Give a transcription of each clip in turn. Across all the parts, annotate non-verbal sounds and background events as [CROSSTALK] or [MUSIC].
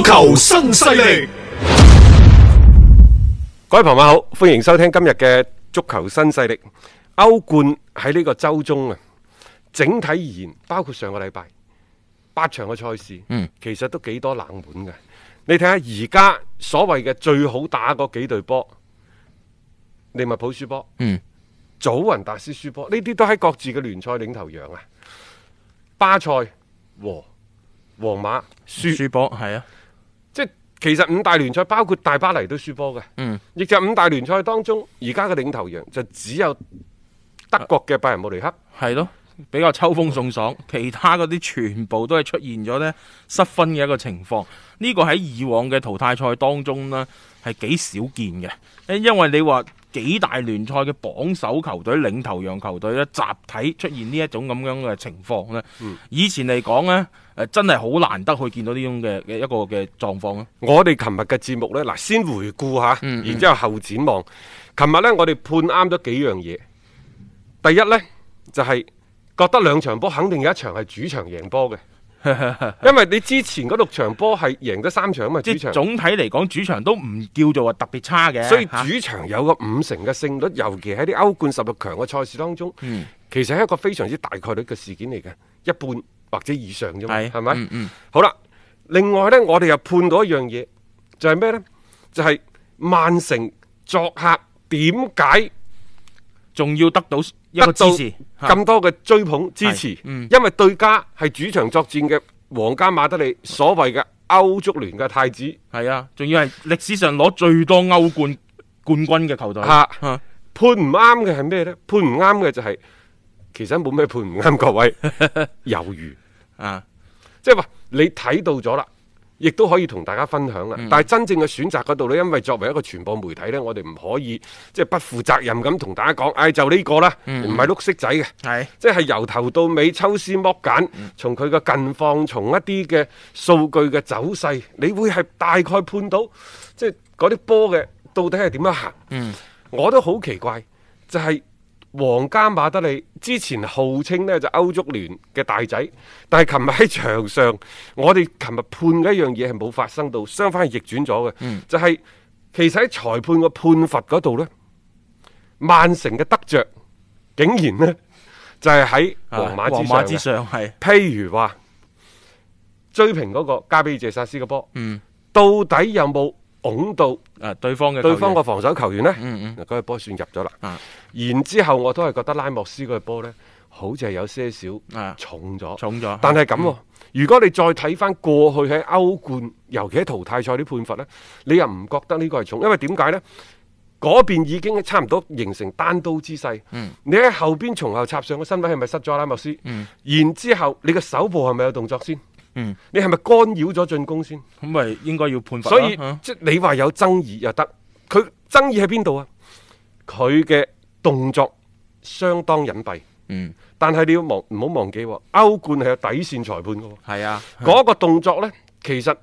足球新勢力，各位朋友好，歡迎收聽今日嘅足球新勢力。歐冠喺呢個周中啊，整體而言，包括上個禮拜八場嘅賽事，嗯，其實都幾多冷門嘅。嗯，你睇下而家所謂嘅最好打嗰幾隊波，利物浦輸波，嗯，祖雲達斯，祖雲達斯輸波，呢啲都喺各自嘅聯賽領頭羊啊。巴塞和皇馬輸波，係啊。其實五大聯賽包括大巴黎都輸波嘅，嗯，亦就五大聯賽當中，而家嘅領頭羊就只有德國嘅拜仁慕尼黑，係咯，比較秋風送爽，其他嗰啲全部都係出現咗失分嘅一個情況，呢個喺以往嘅淘汰賽當中呢，係幾少見嘅，因為你話。幾大聯賽嘅榜首球隊、領頭羊球隊咧，集體出現呢一種咁樣嘅情況咧。嗯、以前嚟講咧，誒真係好難得去見到呢種嘅嘅一個嘅狀況咯。我哋琴日嘅節目咧，嗱先回顧下，然之後後展望。琴日咧，嗯、我哋判啱咗幾樣嘢。第一咧，就係覺得兩場波肯定有一場係主場贏波嘅。 [LAUGHS] 因為你之前嗰六場波係贏咗三場啊嘛，即係總體嚟講主場都唔叫做話特別差嘅，所以主場有個五成嘅勝率，啊、尤其喺啲歐冠十六強嘅賽事當中，嗯、其實係一個非常之大概率嘅事件嚟嘅，一半或者以上啫嘛，係咪？嗯，好啦，另外呢，我哋又判到一樣嘢，就係、是、咩呢？就係、是、曼城作客點解仲要得到？得到咁多嘅追捧支持，啊、因為對家係主場作戰嘅皇家馬德里，所謂嘅歐足聯嘅太子，係啊，仲要係歷史上攞最多歐冠冠軍嘅球隊。啊啊、判唔啱嘅係咩呢？判唔啱嘅就係、是，其實冇咩判唔啱，各位猶 [LAUGHS] 豫，啊，即係話你睇到咗啦。亦都可以同大家分享嘅。但係真正嘅選擇嗰度咧，因為作為一個傳播媒體咧，我哋唔可以即係、就是、不負責任咁同大家講，唉、哎、就呢個啦，唔係碌骰仔嘅，係即係由頭到尾抽絲剝繭，從佢嘅近況，從一啲嘅數據嘅走勢，你會係大概判到即係嗰啲波嘅到底係點樣行？嗯、我都好奇怪，就係、是。皇家馬德里之前號稱呢就歐足聯嘅大仔，但係琴日喺場上，我哋琴日判嘅一樣嘢係冇發生到，相反係逆轉咗嘅。嗯、就係其實喺裁判個判罰嗰度呢，曼城嘅得着竟然呢就係喺皇馬之上的。啊、之上，譬如話追平嗰個加比爾謝薩斯嘅波，嗯、到底有冇？拱到誒，對方嘅對方防守球員呢，嗰、嗯嗯嗯、個波算入咗啦。啊、然之後我都係覺得拉莫斯嗰個波呢，好似係有些少重咗。重咗，但係咁、啊，嗯、如果你再睇翻過去喺歐冠，尤其喺淘汰賽啲判罰呢，你又唔覺得呢個係重？因為點解呢？嗰邊已經差唔多形成單刀之勢。嗯、你喺後邊從後插上嘅身體係咪失咗拉莫斯？嗯、然之後你嘅手部係咪有動作先？嗯，你係咪干擾咗進攻先？咁咪應該要判罰。所以即係、啊、你話有爭議又得，佢爭議喺邊度啊？佢嘅動作相當隱蔽，嗯，但係你要忘唔好忘記，歐冠係有底線裁判嘅，係啊，嗰個動作呢，其實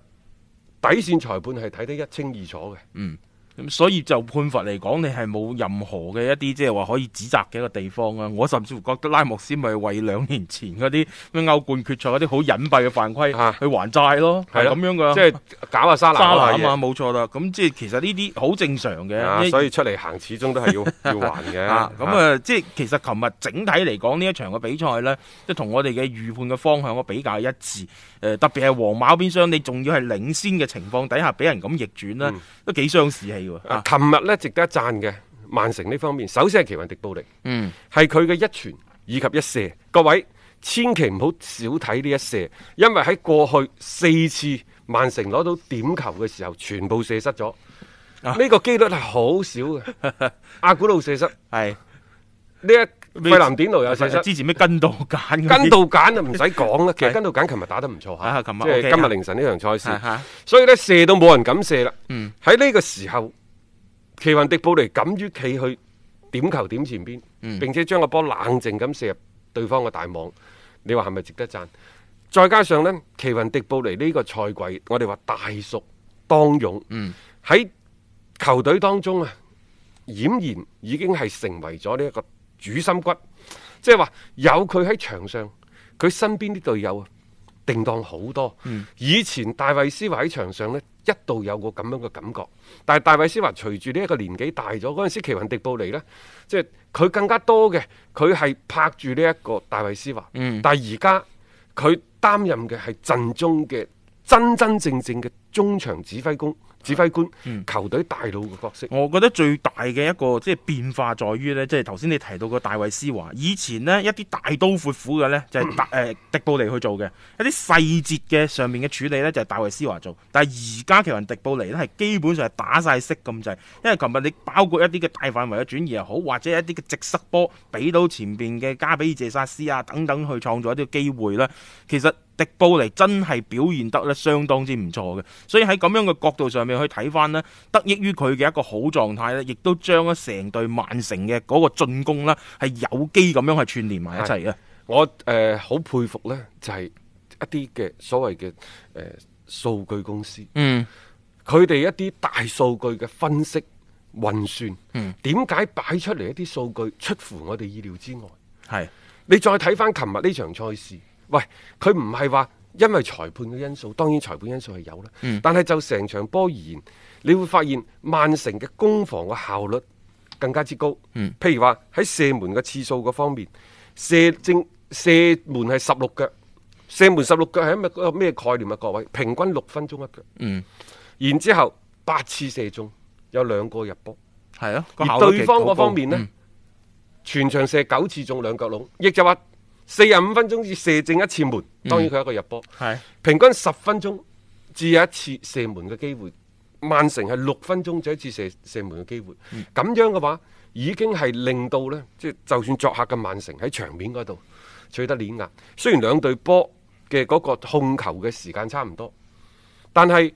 底線裁判係睇得一清二楚嘅，嗯。咁所以就判罰嚟講，你係冇任何嘅一啲即係話可以指責嘅一個地方啊！我甚至乎覺得拉莫斯咪為兩年前嗰啲咩歐冠決賽嗰啲好隱蔽嘅犯規去還債咯，係咁樣噶、啊，即係搞下、啊、沙拿嘢。沙拿冇、啊、錯啦、啊，咁即係其實呢啲好正常嘅、啊啊。所以出嚟行始，始終都係要要還嘅。咁啊，即係其實琴日整體嚟講呢一場嘅比賽咧，即同我哋嘅預判嘅方向我比較一致。誒、呃，特別係皇馬邊廂，你仲要係領先嘅情況底下俾人咁逆轉咧，嗯、都幾傷士氣。琴、啊、日咧值得贊嘅，曼城呢方面，首先係奇雲迪布力，嗯，係佢嘅一傳以及一射，各位千祈唔好少睇呢一射，因為喺過去四次曼城攞到點球嘅時候，全部射失咗，呢、啊、個機率係好少嘅， [LAUGHS] 阿古路射失係呢是一。費南點路有勢，之前咩跟到揀，跟到揀就唔使講啦。 [LAUGHS] 其實跟到揀琴日打得唔錯吓，即係、 [LAUGHS] 啊、琴晚、今日凌晨呢場賽事。啊啊、所以呢射到冇人敢射啦。喺呢、嗯、個時候，奇雲迪布尼敢於企去點球點前邊，嗯、並且將個波冷靜咁射入對方嘅大網。你話係咪值得讚？再加上呢，奇雲迪布尼呢個賽季，我哋話大熟當勇。喺、嗯、球隊當中啊，儼然已經係成為咗呢一個。主心骨，即係話有佢喺場上，佢身邊啲隊友啊，定當好多。嗯、以前大衛斯華喺場上呢，一度有個咁樣嘅感覺。但係大衛斯華隨住呢一個年紀大咗，嗰陣時奇雲迪布尼呢，即係佢更加多嘅，佢係拍住呢一個大衛斯華。嗯、但係而家佢擔任嘅係陣中嘅。真真正正嘅中場指揮工、指揮官、球隊大佬嘅角色，嗯，我覺得最大嘅一個即係、就是、變化在呢，在於咧，即係頭先你提到個大衛斯華以前咧一啲大刀闊斧嘅咧就係、是、誒、嗯呃、迪布尼去做嘅，一啲細節嘅上面嘅處理咧就係、是、大衛斯華做，但係而家奇雲迪布尼咧係基本上係打晒色咁滯，因為琴日你包括一啲嘅大範圍嘅轉移又好，或者一啲嘅直塞波俾到前邊嘅加比謝薩斯啊等等去創造一啲機會咧，其實。迪布尼真係表現得咧相當之唔錯嘅，所以喺咁樣嘅角度上面去睇翻咧，得益於佢嘅一個好狀態咧，亦都將一成對曼城嘅嗰個進攻啦，係有機咁樣係串聯埋一齊嘅。我誒好、呃、佩服咧，就係、是、一啲嘅所謂嘅誒、呃、數據公司，嗯，佢哋一啲大數據嘅分析運算，嗯，點解擺出嚟一啲數據出乎我哋意料之外？係是你再睇翻琴日呢場賽事。喂，佢唔係話因為裁判嘅因素，當然裁判因素係有啦。嗯、但係就成場波而言，你會發現曼城嘅攻防嘅效率更加之高。嗯、譬如話喺射門嘅次數嘅方面，射正射門係十六腳，射門十六腳係咩嗰個咩概念啊？各位，平均六分鐘一腳。嗯。然之後八次射中，有兩個入波。係啊，個效率幾高。而對方嗰方面呢，嗯、全場射九次中兩腳龍，亦就話。四十五分鐘至射正一次門，當然佢係一個入波，嗯、平均十分鐘至有一次射門嘅機會。曼城係六分鐘就一次射射門嘅機會，咁、嗯、樣嘅話已經係令到呢，即就算作客嘅曼城喺場面嗰度取得碾壓。雖然兩隊波嘅嗰個控球嘅時間差唔多，但係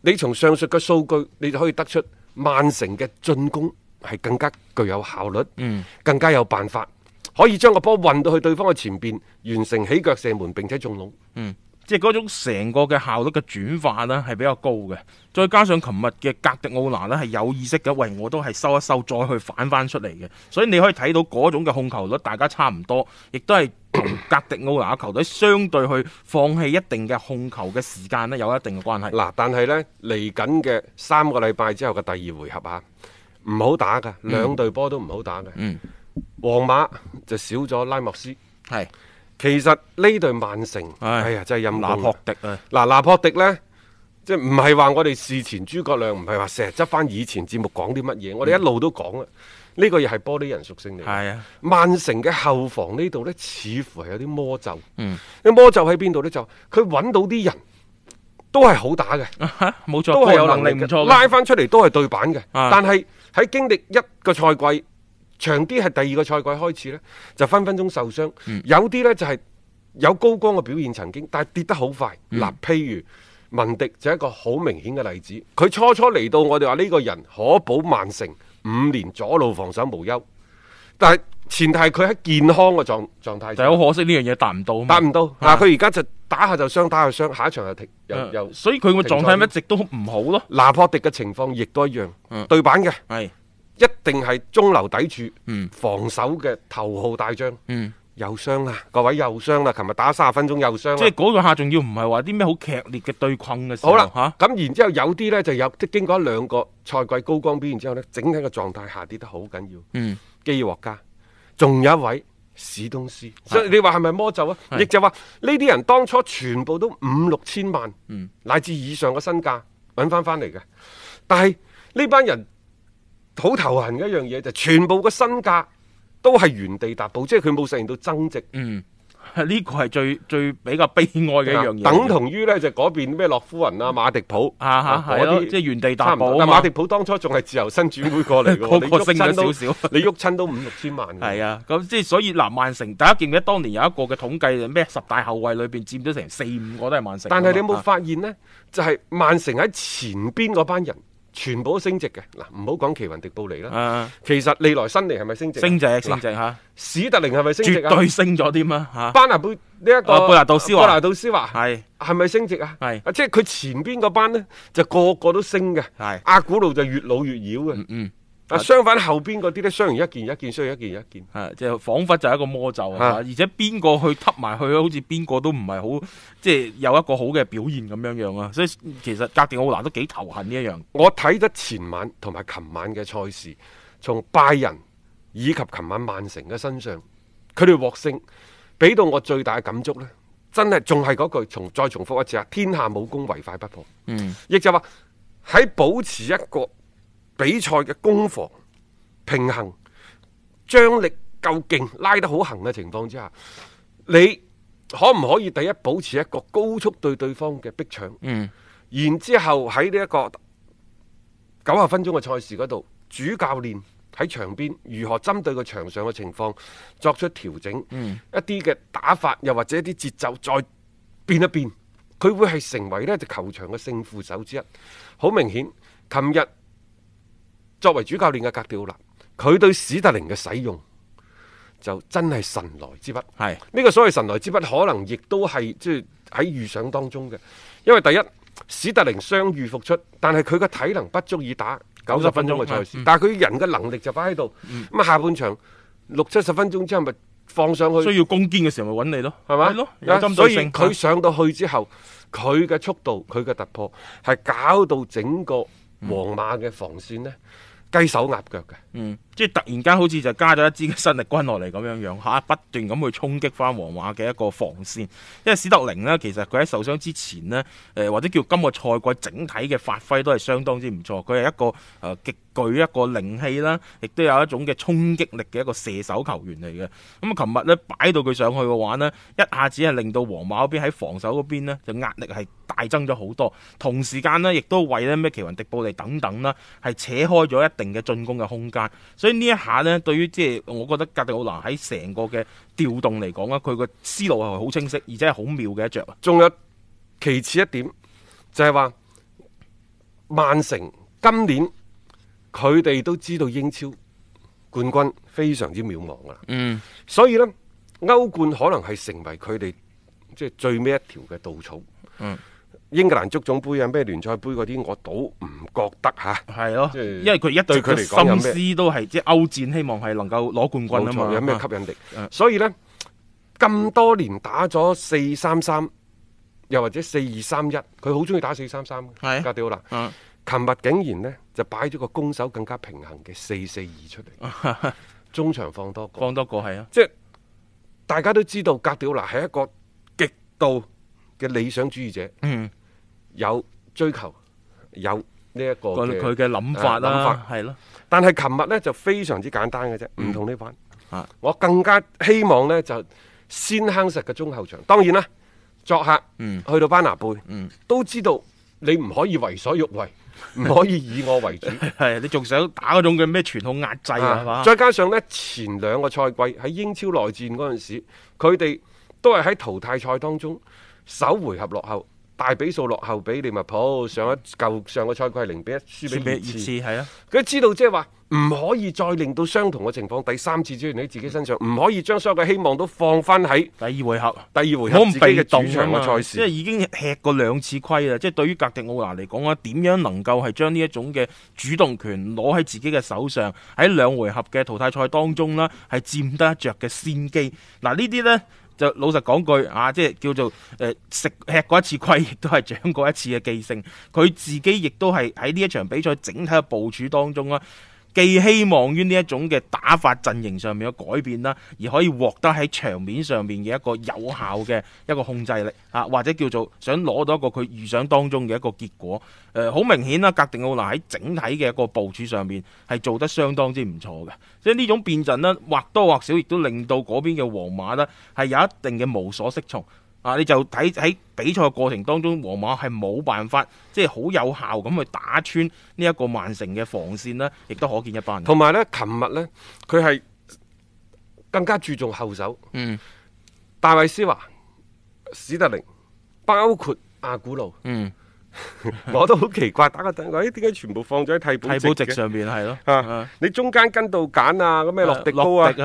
你從上述嘅數據，你就可以得出曼城嘅進攻係更加具有效率，嗯、更加有辦法。可以將個波運到去對方嘅前邊，完成起腳射門並且中籠。嗯，即係嗰種成個嘅效率嘅轉化呢係比較高嘅。再加上琴日嘅格迪奧拿呢係有意識嘅，喂，我都係收一收再去反翻出嚟嘅。所以你可以睇到嗰種嘅控球率，大家差唔多，亦都係同格迪奧拿球隊相對去放棄一定嘅控球嘅時間呢有一定嘅關係。嗱，但係呢嚟緊嘅三個禮拜之後嘅第二回合啊，唔好打嘅，兩隊波都唔好打嘅。嗯。嗯。皇馬就少咗拉莫斯，係其實呢隊曼城，哎呀真係任拿破迪啊！嗱，拿破迪咧，即係唔係話我哋事前諸葛亮，唔係話成日執翻以前節目講啲乜嘢，我哋一路都講啊，呢個又係玻璃人屬性嚟。係曼城嘅後防呢度呢，似乎係有啲魔咒，魔咒喺邊度呢？就佢揾到啲人都係好打嘅，冇錯，都係有能力嘅，拉翻出嚟都係對版嘅，但係喺經歷一個賽季。長啲係第二個賽季開始呢，就分分鐘受傷。嗯、有啲呢，就係有高光嘅表現曾經，但係跌得好快。嗱、嗯，譬如文迪就係一個好明顯嘅例子。佢初初嚟到，我哋話呢個人可保曼城五年左路防守無憂，但係前提係佢喺健康嘅狀狀態。就係好可惜呢樣嘢達唔到。達唔到啊！佢而家就打下就傷，打下就傷，下一場就停的又，又停又又。所以佢個狀態一直都唔好咯。拿破迪嘅情況亦都一樣，的對板嘅。一定係中流砥柱，嗯、防守嘅頭號大將。又傷啦，各位又傷啦，琴日打三十分鐘又傷。即係嗰個下，仲要唔係話啲咩好劇烈嘅對抗嘅時候。好啦了，咁、啊、然之後有啲呢，就有即係經過一兩個賽季高光表現，然之後咧，整體嘅狀態下跌得好緊要。基爾獲加，仲有一位史東斯，所以你話係咪魔咒啊？亦就話呢啲人當初全部都五六千萬、嗯、乃至以上嘅身價揾翻翻嚟嘅，但係呢班人。好頭痕嘅一樣嘢就係全部嘅身價都係原地踏步，即係佢冇實現到增值。嗯，呢、這個係最最比較悲哀嘅一樣嘢，嗯，等同於咧就嗰邊咩洛夫人啊、馬迪普啊啊，啊即係原地踏步。但馬迪普當初仲係自由身轉會過嚟，個個升咗少少，你喐親都五六千萬。係啊，咁即係所以嗱，曼城大家記唔記得當年有一個嘅統計，咩十大後衞裏面佔咗成四五個都係曼城。但係你有冇發現呢？啊、就係曼城喺前邊嗰班人。全部都升值嘅，嗱唔好講奇雲迪布尼啦，啊、其實未來新嚟係咪升值？升值，升值吓，史特靈係咪升值？絕對升咗啲嘛，吓、啊。班拿貝呢一個，貝拿杜斯華，貝拿杜斯華係，係咪是升值是啊？係，即係佢前邊個班咧，就個個都升嘅，阿是、啊、古路就越老越妖嘅。嗯嗯相反，後邊嗰啲咧，雖然一件一件，雖然一件一件，係即係彷彿就係、是、一個魔咒啊！而且邊個去揦埋去好似邊個都唔係好，即、就、係、是、有一個好嘅表現咁樣樣啊！所以其實格迪奧拿都幾頭痕呢一樣。我睇得前晚同埋琴晚嘅賽事，從拜仁以及琴晚曼城嘅身上，佢哋獲勝，俾到我最大嘅感觸咧，真係仲係嗰句，重再重複一次啊！天下武功，唯快不破。嗯是，亦就話喺保持一個，比賽嘅攻防平衡，張力夠勁，拉得好行嘅情況之下，你可唔可以第一保持一個高速對對方嘅逼搶？嗯，然之後喺呢一個九十分鐘嘅賽事嗰度，主教練喺場邊如何針對個場上嘅情況作出調整？嗯，一啲嘅打法又或者一啲節奏再變一變，佢會係成為呢隻球場嘅勝負手之一。好明顯，琴日。作為主教練嘅格調啦，佢對史特靈嘅使用就真係神來之筆。係呢是個所謂神來之筆，可能亦都係即係喺預想當中嘅。因為第一，史特靈傷愈復出，但係佢個體能不足以打九十分鐘嘅賽事，嗯、但係佢人嘅能力就擺喺度。咁、嗯、下半場六七十分鐘之後咪放上去，需要攻堅嘅時候咪揾你咯，係咪吧？所以佢上到去之後，佢嘅、嗯、速度、佢嘅突破，係搞到整個皇馬嘅防線呢。嗯雞手鴨腳嘅，嗯，即係突然間好似就加咗一支新力軍落嚟，咁樣樣吓，不斷咁去沖擊翻皇馬嘅一個防線。因為史特靈呢，其實佢喺受傷之前呢，誒、呃、或者叫今個賽季整體嘅發揮都係相當之唔錯。佢係一個誒極、呃、具一個靈氣啦，亦都有一種嘅沖擊力嘅一個射手球員嚟嘅。咁、嗯、啊，琴日呢擺到佢上去嘅話呢，一下子係令到皇馬嗰邊喺防守嗰邊呢，就壓力係大增咗好多，同時間呢亦都為咧咩奇雲迪布尼等等啦，係扯開咗一定嘅進攻嘅空間。所以這一刻呢一下呢對於即係我覺得格迪奧拿喺成個嘅調動嚟講啦，佢個思路係好清晰，而且係好妙嘅一著。仲有其次一點就係、是、話，曼城今年佢哋都知道英超冠軍非常之渺茫噶啦，嗯，所以呢，歐冠可能係成為佢哋即係最尾一條嘅稻草，嗯。英格蘭足總盃啊，咩聯賽盃嗰啲，我倒唔覺得吓。係咯，因為佢一對佢嚟講有咩，心思都係即係歐戰，希望係能夠攞冠軍啊嘛，有咩吸引力。啊、所以呢，咁多年打咗四三三，3, 又或者四二三一，佢好中意打四三三。係、啊、格迪奧娜，琴、啊、日竟然呢，就擺咗個攻守更加平衡嘅四四二出嚟，啊、哈哈中場放多個，放多個，係啊！即係大家都知道格迪奧娜，係一個極度。嘅理想主義者，嗯，有追求，有呢一個佢嘅諗法啦，諗法，係咯。但係琴日呢就非常之簡單嘅啫，唔同呢班。嗯，我更加希望呢就先夯實嘅中後場。當然啦，作客，嗯，去到班拿貝，嗯，都知道你唔可以為所欲為，唔可以以我為主。係， [LAUGHS] 你仲想打嗰種嘅咩傳統壓制？嗯，再加上呢，前兩個賽季喺英超內戰嗰陣時，佢哋都係喺淘汰賽當中。首回合落後，大比數落後俾利物浦，上一舊上個賽季零比一輸比二次係啊！佢知道即係話唔可以再令到相同嘅情況第三次出現喺自己身上，唔可以將所有嘅希望都放翻喺第二回合。第二回合我唔俾嘅主場嘅賽事，被動啊，即係已經吃過兩次虧啦。即係對於格迪奧拿嚟講啊，點樣能夠係將呢一種嘅主動權攞喺自己嘅手上，喺兩回合嘅淘汰賽當中呢，係佔得着嘅先機。嗱呢啲呢。就老實講句啊，即係叫做誒食、呃、吃、吃過一次虧，亦都係長過一次嘅記性。佢自己亦都係喺呢一場比賽整體嘅部署當中啊，既希望於呢一種嘅打法陣型上面嘅改變啦，而可以獲得喺場面上面嘅一個有效嘅一個控制力啊，或者叫做想攞到一個佢預想當中嘅一個結果。呃、好明顯啦，格定奧拿喺整體嘅一個部署上面係做得相當之唔錯嘅，即係呢種變陣呢或多或少亦都令到嗰邊嘅皇馬呢係有一定嘅無所適從。啊！你就睇喺比賽的過程當中，皇馬係冇辦法即係好有效咁去打穿呢一個曼城嘅防線啦，亦都可見一斑。同埋呢，琴日呢，佢係更加注重後手。嗯，戴維斯華、史特靈，包括阿古魯。嗯， [LAUGHS] 我都好奇怪，打個等，點解全部放咗喺替補席上面？係咯。你中間跟到揀啊，咁咩洛迪高啊，即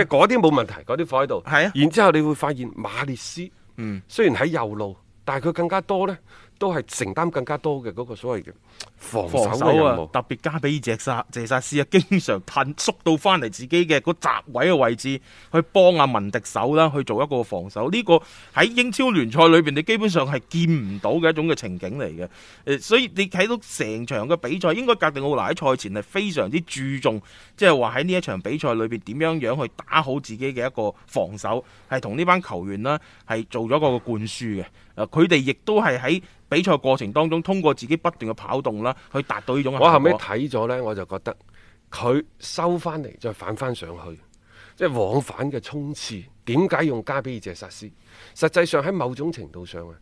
係嗰啲冇問題，嗰啲放喺度。係啊的。然之後，你會發現馬列斯。嗯，雖然喺右路，但係佢更加多呢，都係承擔更加多嘅嗰個所謂嘅。防守，防守啊！特別加比爾謝薩謝薩斯啊，經常褪縮到翻嚟自己嘅個閘位嘅位置，去幫阿、啊、文迪手啦、啊，去做一個防守。呢、呢個喺英超聯賽裏邊，你基本上係見唔到嘅一種嘅情景嚟嘅。所以你睇到成場嘅比賽，應該格迪奧拿喺賽前係非常之注重，即係話喺呢一場比賽裏邊點樣樣去打好自己嘅一個防守，係同呢班球員啦、啊、係做咗個灌輸嘅。佢哋亦都係喺比賽過程當中，通過自己不斷嘅跑動啦。去達到呢種。我後尾睇咗呢，我就覺得佢收翻嚟再反翻上去，即係往返嘅衝刺。點解用加比爾謝殺斯？實際上喺某種程度上啊，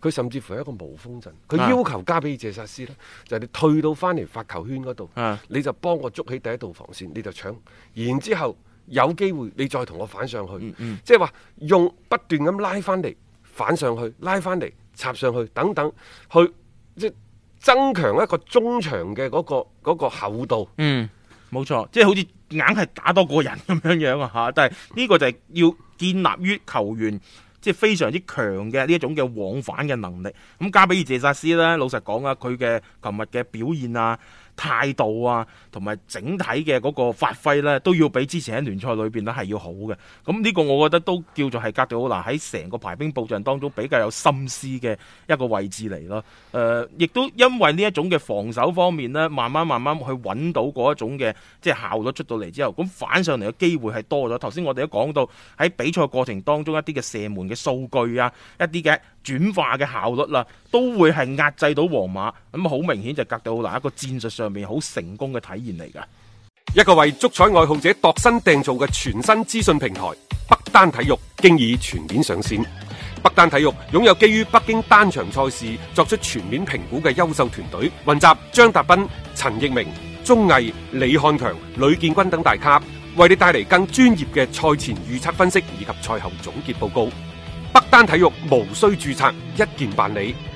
佢甚至乎係一個無風陣。佢要求加比爾謝殺斯呢，是的 就係你退到翻嚟發球圈嗰度，是的 你就幫我捉起第一道防線，你就搶。然之後有機會你再同我反上去，嗯嗯，即係話用不斷咁拉翻嚟反上去，拉翻嚟插上去等等，去即增強一個中場嘅嗰個嗰個厚度，嗯，冇錯，即係好似硬係打多個人咁樣樣啊嚇，但係呢個就係要建立於球員即係非常之強嘅呢一種嘅往返嘅能力。咁加比爾謝薩斯咧，老實講啊，佢嘅琴日嘅表現啊。態度啊，同埋整體嘅嗰個發揮呢，都要比之前喺聯賽裏邊呢係要好嘅。咁呢個我覺得都叫做係格迪奧拿喺成個排兵布陣當中比較有心思嘅一個位置嚟咯。誒、呃，亦都因為呢一種嘅防守方面呢，慢慢慢慢去揾到嗰一種嘅即係效率出到嚟之後，咁反上嚟嘅機會係多咗。頭先我哋都講到喺比賽過程當中一啲嘅射門嘅數據啊，一啲嘅轉化嘅效率啦、啊。都會係壓制到皇馬咁，好明顯就隔到嗱一個戰術上面好成功嘅體驗嚟噶。一個為足彩愛好者度身訂造嘅全新資訊平台北單體育，經已全面上線。北單體育擁有基於北京單場賽事作出全面評估嘅優秀團隊，雲集張達斌、陳奕明、鍾毅、李漢強、呂建軍等大咖，為你帶嚟更專業嘅賽前預測分析以及賽後總結報告。北單體育無需注冊，一鍵辦理。